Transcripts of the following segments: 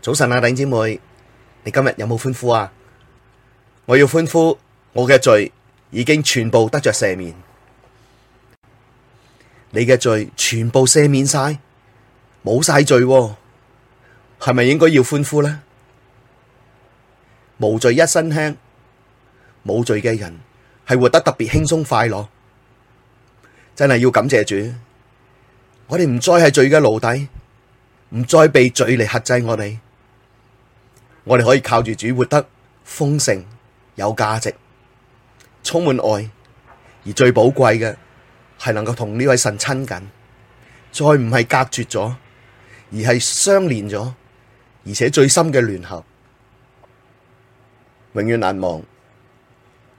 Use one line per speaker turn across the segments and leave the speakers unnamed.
早晨啊，頂姐妹，你今日有冇歡呼啊？我要歡呼，我嘅罪已經全部得着赦免，你嘅罪全部赦免晒，冇晒罪啊，係咪應該要歡呼呢？無罪一身輕，冇罪嘅人係活得特別輕鬆快樂，真係要感謝主，我哋唔再係罪嘅奴隸，唔再被罪嚟剋制我哋。我哋可以靠住主活得豐盛、有價值、充滿愛，而最寶貴嘅係能夠同呢位神親近，再唔係隔絕咗，而係相連咗，而且最深嘅聯合，永遠難忘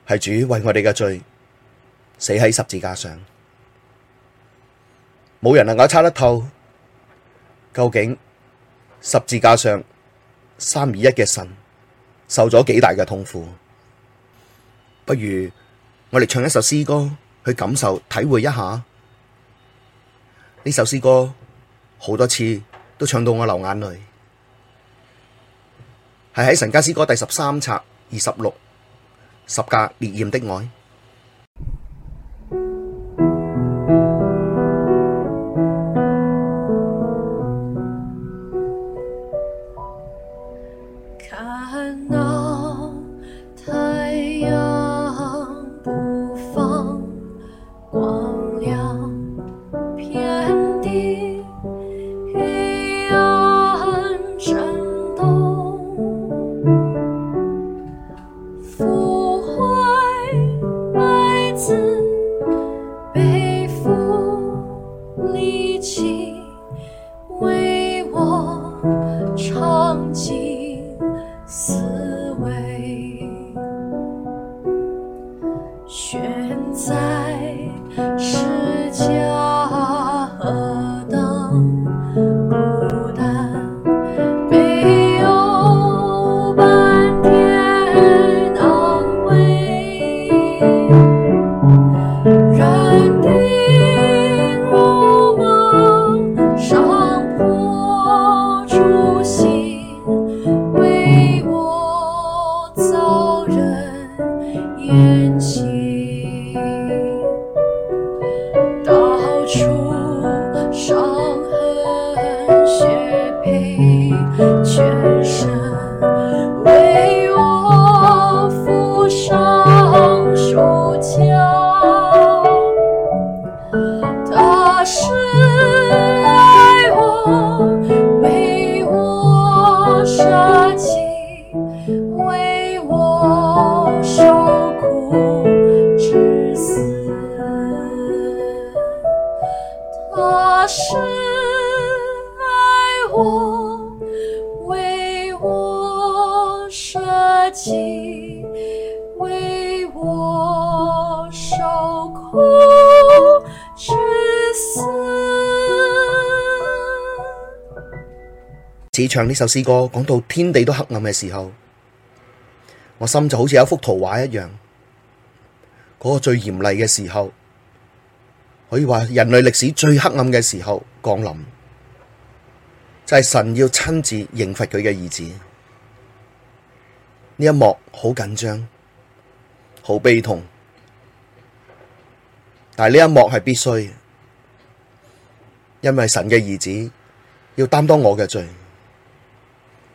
係主為我哋嘅罪死喺十字架上，冇人能夠猜得透究竟十字架上。三二一嘅神受咗幾大嘅痛苦，不如我哋唱一首詩歌去感受、體會一下呢首詩歌。好多次都唱到我流眼淚，係喺《神家詩歌》第十三冊二十六十架烈焰的愛。你唱呢首詩歌，講到天地都黑暗嘅時候，我心就好似有一幅圖畫一樣。嗰、那個最嚴厲嘅時候，可以話人類歷史最黑暗嘅時候降臨，就係、是、神要親自刑罰佢嘅兒子。呢一幕好緊張，好悲痛，但係呢一幕係必須，因為神嘅兒子要擔當我嘅罪。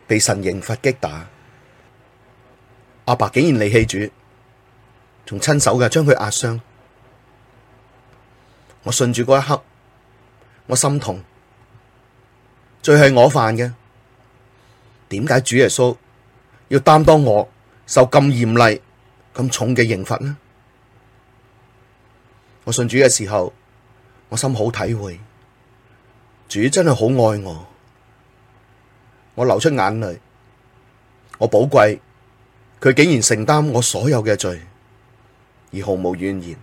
被神刑罰擊打，阿爸竟然離棄主，仲親手嘅將佢壓傷。我信住嗰一刻，我心痛，罪係我犯嘅。點解主耶穌要擔當我受咁嚴厲、咁重嘅刑罰呢？我信主嘅時候，我心好體會，主真係好愛我。我流出眼淚，我寶貴，佢竟然承擔我所有嘅罪，而毫無怨言，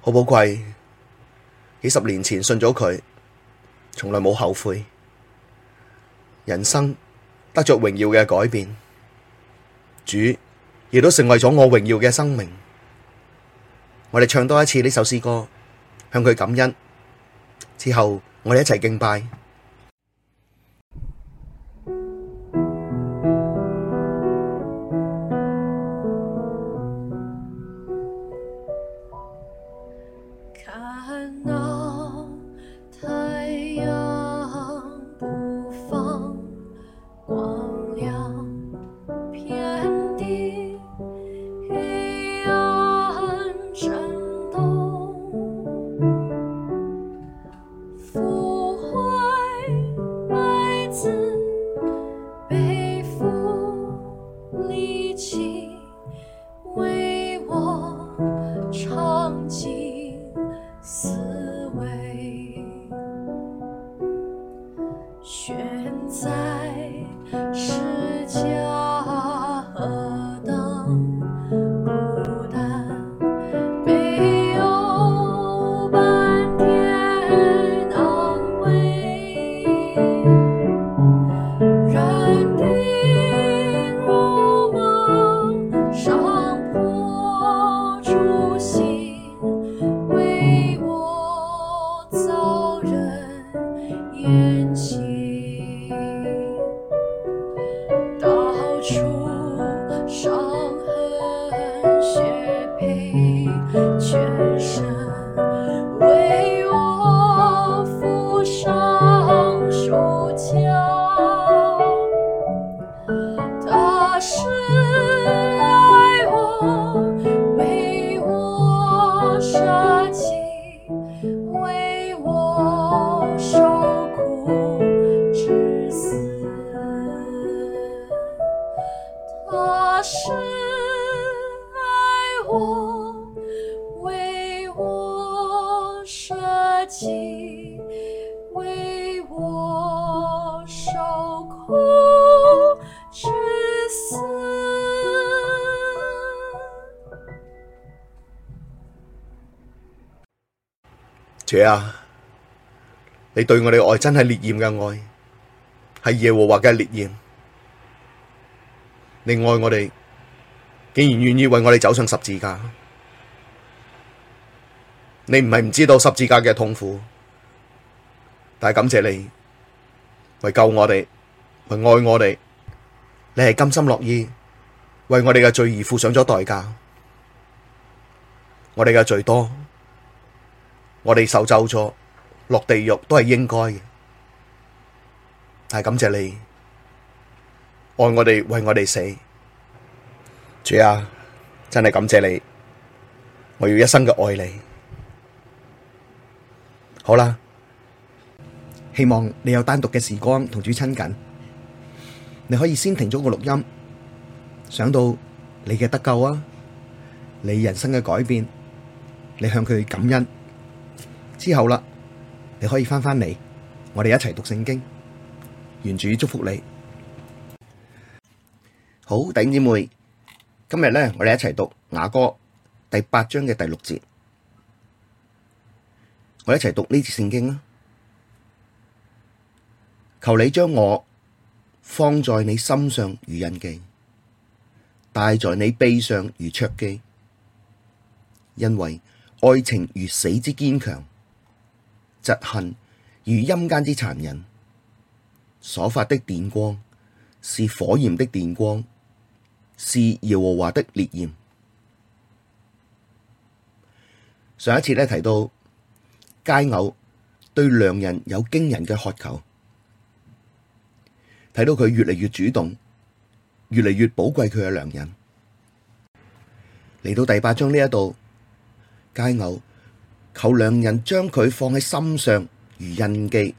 好寶貴。幾十年前信咗佢，從來冇後悔。人生得着榮耀嘅改變，主亦都成為咗我榮耀嘅生命。我哋唱多一次呢首詩歌，向佢感恩。之後我哋一齊敬拜。主啊，你對我哋愛真係烈焰嘅愛，係耶和華嘅烈焰。你愛我哋，竟然願意為我哋走上十字架。你唔係唔知道十字架嘅痛苦，但係感謝你為救我哋，為愛我哋，你係甘心樂意為我哋嘅罪而付上咗代價。我哋嘅罪多。我哋受咒咗，落地獄都係應該嘅，但係感謝你愛我哋，為我哋死，主啊，真係感謝你，我要一生嘅愛你。好啦，希望你有單獨嘅時光同主親近，你可以先停咗個錄音，想到你嘅得救啊，你人生嘅改變，你向佢感恩。之後啦，你可以翻返嚟，我哋一齊讀聖經，願主祝福你。好，弟兄姊妹，今日咧，我哋一齊讀雅歌第八章嘅第六節，我一齊讀呢節聖經啦。求你將我放在你心上如印記，帶在你臂上如戳記，因為愛情如死之堅強。嫉恨如陰間之殘忍，所發的電光是火焰的電光，是耶和華的烈焰。上一次咧，提到佳偶對良人有驚人嘅渴求，睇到佢越嚟越主動，越嚟越寶貴佢嘅良人。嚟到第八章呢一度，佳偶。求良人將佢放喺心上如印記，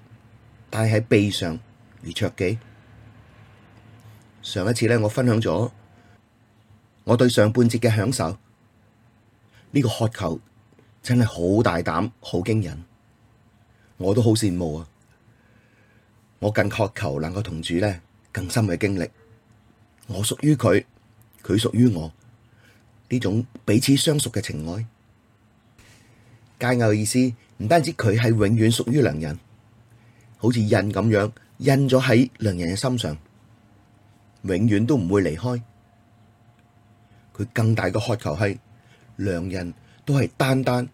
戴喺臂上如戳記。上一次咧，我分享咗我對上半節嘅享受，呢、這個渴求真係好大膽，好驚人，我都好羨慕啊！我更渴求能夠同主咧更深嘅經歷，我屬於佢，佢屬於我，呢種彼此相熟嘅情愛。佳偶嘅意思唔單止佢係永遠屬於良人，好似印咁樣印咗喺良人嘅心上，永遠都唔會離開。佢更大嘅渴求係良人都係單單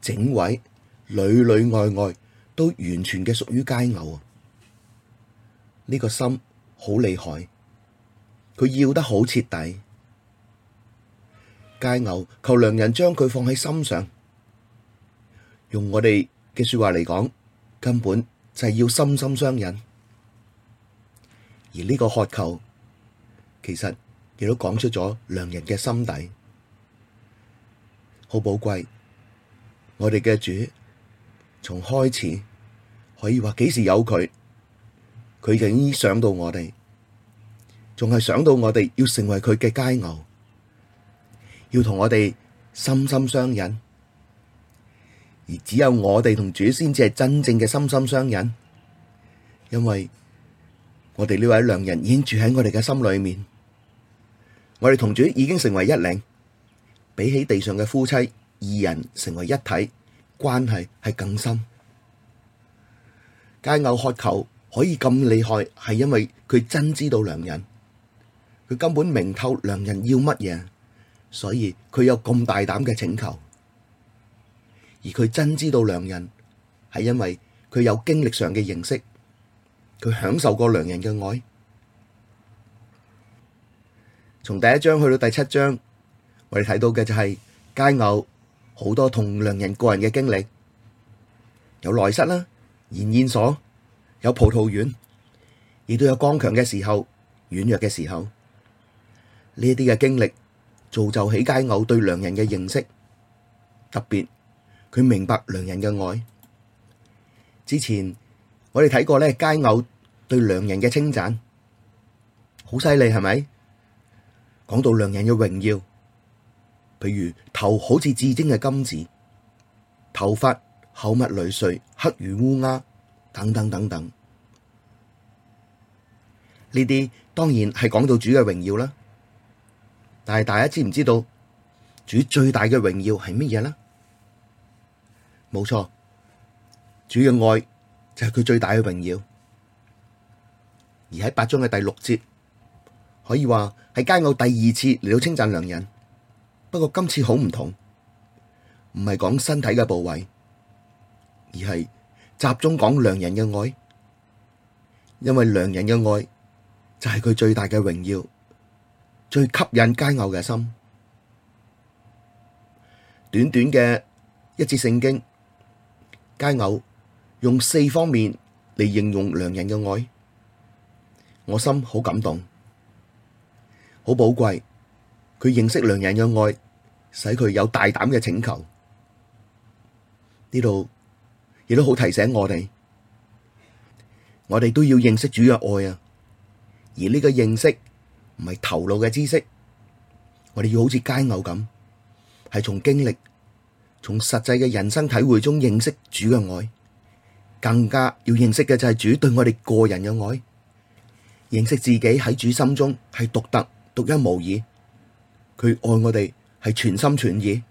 整位裏裏外外都完全嘅屬於佳偶啊！呢個心好厲害，佢要得好徹底。佳偶求良人將佢放喺心上。用我哋嘅說話嚟講，根本就係要心心相印。而呢個渴求，其實亦都講出咗良人嘅心底，好寶貴。我哋嘅主從開始可以話幾時有佢，佢已經想到我哋，仲係想到我哋要成為佢嘅佳偶，要同我哋心心相印。而只有我哋同主先至係真正嘅心心相印，因為我哋呢位良人已經住喺我哋嘅心裏面，我哋同主已經成為一靈，比起地上嘅夫妻二人成為一體，關係係更深。佳偶渴求可以咁厲害，係因為佢真知道良人，佢根本明透良人要乜嘢，所以佢有咁大膽嘅請求。而佢真知道良人，係因為佢有經歷上嘅認識，佢享受過良人嘅愛。從第一章去到第七章，我哋睇到嘅就係佳偶好多同良人個人嘅經歷，有內室啦、筵宴所，有葡萄園，亦都有剛強嘅時候、軟弱嘅時候。呢啲嘅經歷造就起佳偶對良人嘅認識，特別，佢明白良人嘅愛。之前我哋睇過咧，佳偶對良人嘅稱讚，好犀利，係咪？講到良人嘅榮耀，譬如頭好似至精嘅金子，頭髮厚密纍垂，黑如烏鴉，等等等等。呢啲當然係講到主嘅榮耀啦。但係大家知唔知道主最大嘅榮耀係乜嘢咧？冇錯，主嘅愛就係佢最大嘅榮耀。而喺八章嘅第六節，可以話係佳偶第二次嚟到稱讚良人，不過今次好唔同，唔係講身體嘅部位，而係集中講良人嘅愛，因為良人嘅愛就係佢最大嘅榮耀，最吸引佳偶嘅心。短短嘅一節聖經。佳偶用四方面嚟形容良人嘅愛，我心好感動，好寶貴。佢認識良人嘅愛，使佢有大膽嘅請求。呢度亦都好提醒我哋，我哋都要認識主嘅愛啊！而呢個認識唔係頭腦嘅知識，我哋要好似佳偶咁，係從經歷。從實際嘅人生體會中認識主嘅愛，更加要認識嘅就係主對我哋個人嘅愛。認識自己喺主心中係獨特、獨一無二。佢愛我哋係全心全意。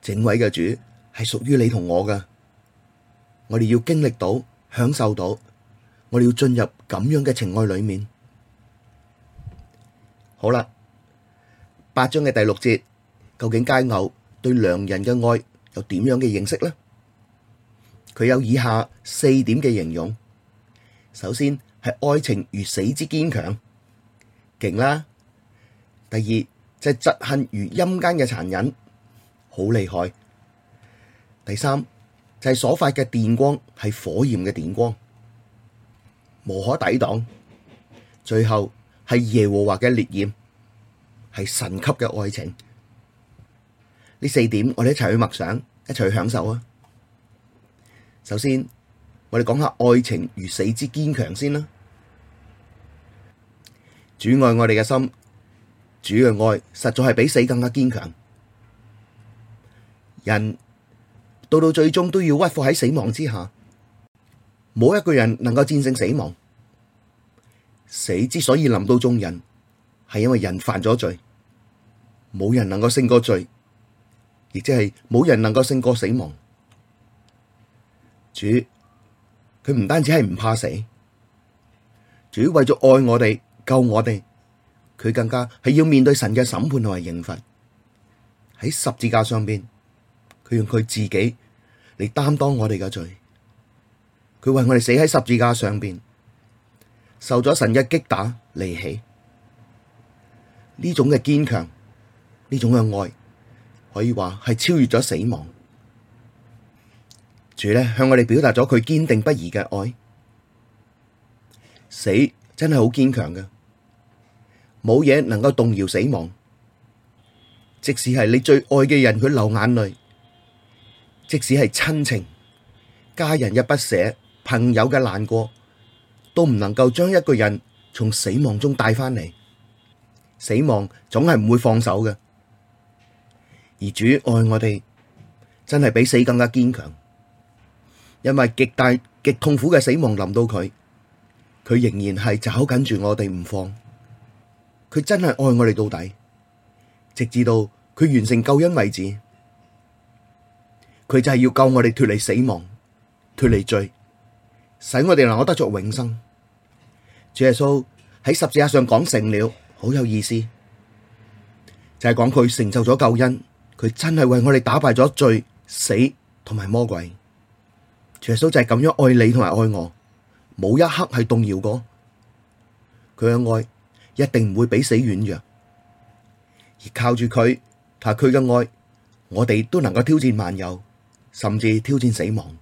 整位嘅主係屬於你同我嘅。我哋要經歷到、享受到，我哋要進入咁樣嘅情愛裏面。好啦，八章嘅第六節，究竟佳偶？對良人嘅愛有點樣嘅認識呢？佢有以下四點嘅形容：首先係愛情如死之堅強，勁啦；第二就係、是、嫉恨如陰間嘅殘忍，好厲害；第三就係、是、所發嘅電光係火焰嘅電光，無可抵擋；最後係耶和華嘅烈焰，係神級嘅愛情。呢四點，我哋一齊去默想，一齊去享受啊！首先，我哋講下愛情如死之堅強先啦。主愛我哋嘅心，主嘅愛實在係比死更加堅強。人到到最終都要屈服喺死亡之下，冇一個人能夠戰勝死亡。死之所以臨到眾人，係因為人犯咗罪，冇人能夠勝過罪。亦即係冇人能夠勝過死亡，主，主佢唔單止係唔怕死，主為咗愛我哋，救我哋，佢更加係要面對神嘅審判同埋刑罰。喺十字架上邊，佢用佢自己嚟擔當我哋嘅罪。佢為我哋死喺十字架上邊，受咗神嘅擊打離棄，呢種嘅堅強，呢種嘅愛。可以話係超越咗死亡，主咧，向我哋表達咗佢堅定不移嘅愛。死真係好堅強嘅，冇嘢能夠動搖死亡。即使係你最愛嘅人，佢流眼淚；即使係親情、家人嘅不捨、朋友嘅難過，都唔能夠將一個人從死亡中帶翻嚟。死亡總係唔會放手嘅。而主愛我哋，真係比死更加堅強，因為極大極痛苦嘅死亡臨到佢，佢仍然係抓緊住我哋唔放，佢真係愛我哋到底，直至到佢完成救恩為止，佢就係要救我哋脫離死亡、脫離罪，使我哋能夠得着永生。主耶穌喺十字架上講成了，好有意思，就係講佢成就咗救恩。佢真係為我哋打敗咗罪、死同埋魔鬼。耶穌就係咁樣愛你同埋愛我，冇一刻係動搖過。佢嘅愛一定唔會比死軟弱，而靠住佢，同佢嘅愛，我哋都能夠挑戰萬有，甚至挑戰死亡。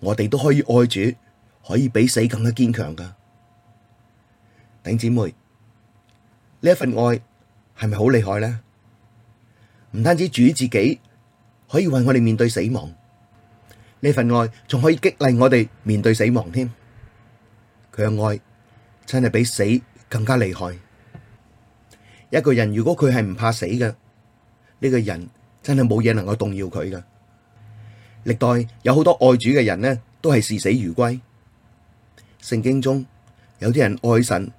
我哋都可以愛主，可以比死更加堅強噶。頂姊妹，呢一份愛係咪好厲害咧？唔單止主自己可以為我哋面對死亡，呢份愛仲可以激勵我哋面對死亡添。佢嘅愛真係比死更加厲害。一個人如果佢係唔怕死嘅，呢個人真係冇嘢能夠動搖佢噶。歷代有好多愛主嘅人呢，都係視死如歸。聖經中有啲人愛神，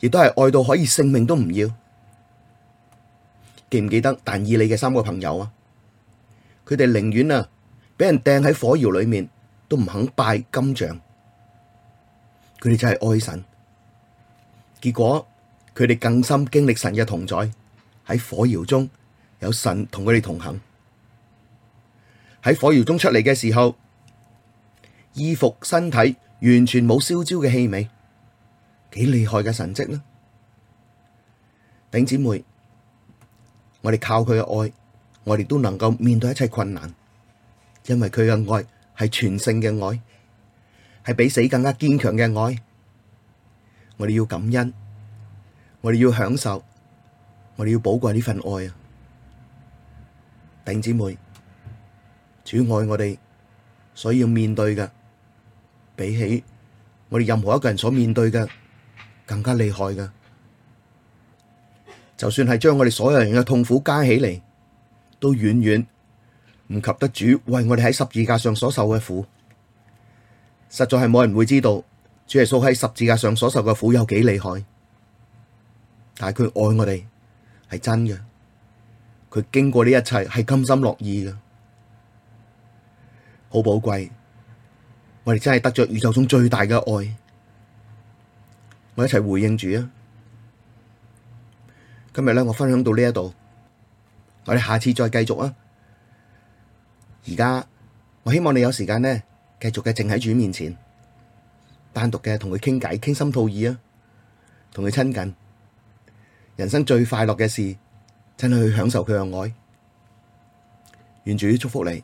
亦都係愛到可以性命都唔要。記唔記得？但以理嘅三個朋友啊，佢哋寧願啊，俾人掟喺火窯裏面，都唔肯拜金像。佢哋真係愛神。結果佢哋更深經歷神嘅同在，喺火窯中有神同佢哋同行。喺火窯中出嚟嘅時候，衣服身體完全冇燒焦嘅氣味，幾厲害嘅神跡呢？頂姊妹。我哋靠佢嘅愛，我哋都能夠面對一切困難，因為佢嘅愛係全勝嘅愛，係比死更加堅強嘅愛。我哋要感恩，我哋要享受，我哋要寶貴呢份愛啊！弟兄姊妹，主愛我哋，所以要面對嘅比起我哋任何一個人所面對嘅更加厲害嘅。就算係將我哋所有人嘅痛苦加起嚟，都遠遠唔及得主為我哋喺十字架上所受嘅苦。實在係冇人會知道主耶穌喺十字架上所受嘅苦有幾厲害。但係佢愛我哋係真嘅，佢經過呢一切係甘心樂意嘅，好寶貴。我哋真係得咗宇宙中最大嘅愛。我一齊回應住啊！今日咧，我分享到呢一度，我哋下次再繼續啊！而家我希望你有時間咧，繼續嘅靜喺主面前，單獨嘅同佢傾偈、傾心吐意啊，同佢親近。人生最快樂嘅事，真係去享受佢嘅愛。願主祝福你。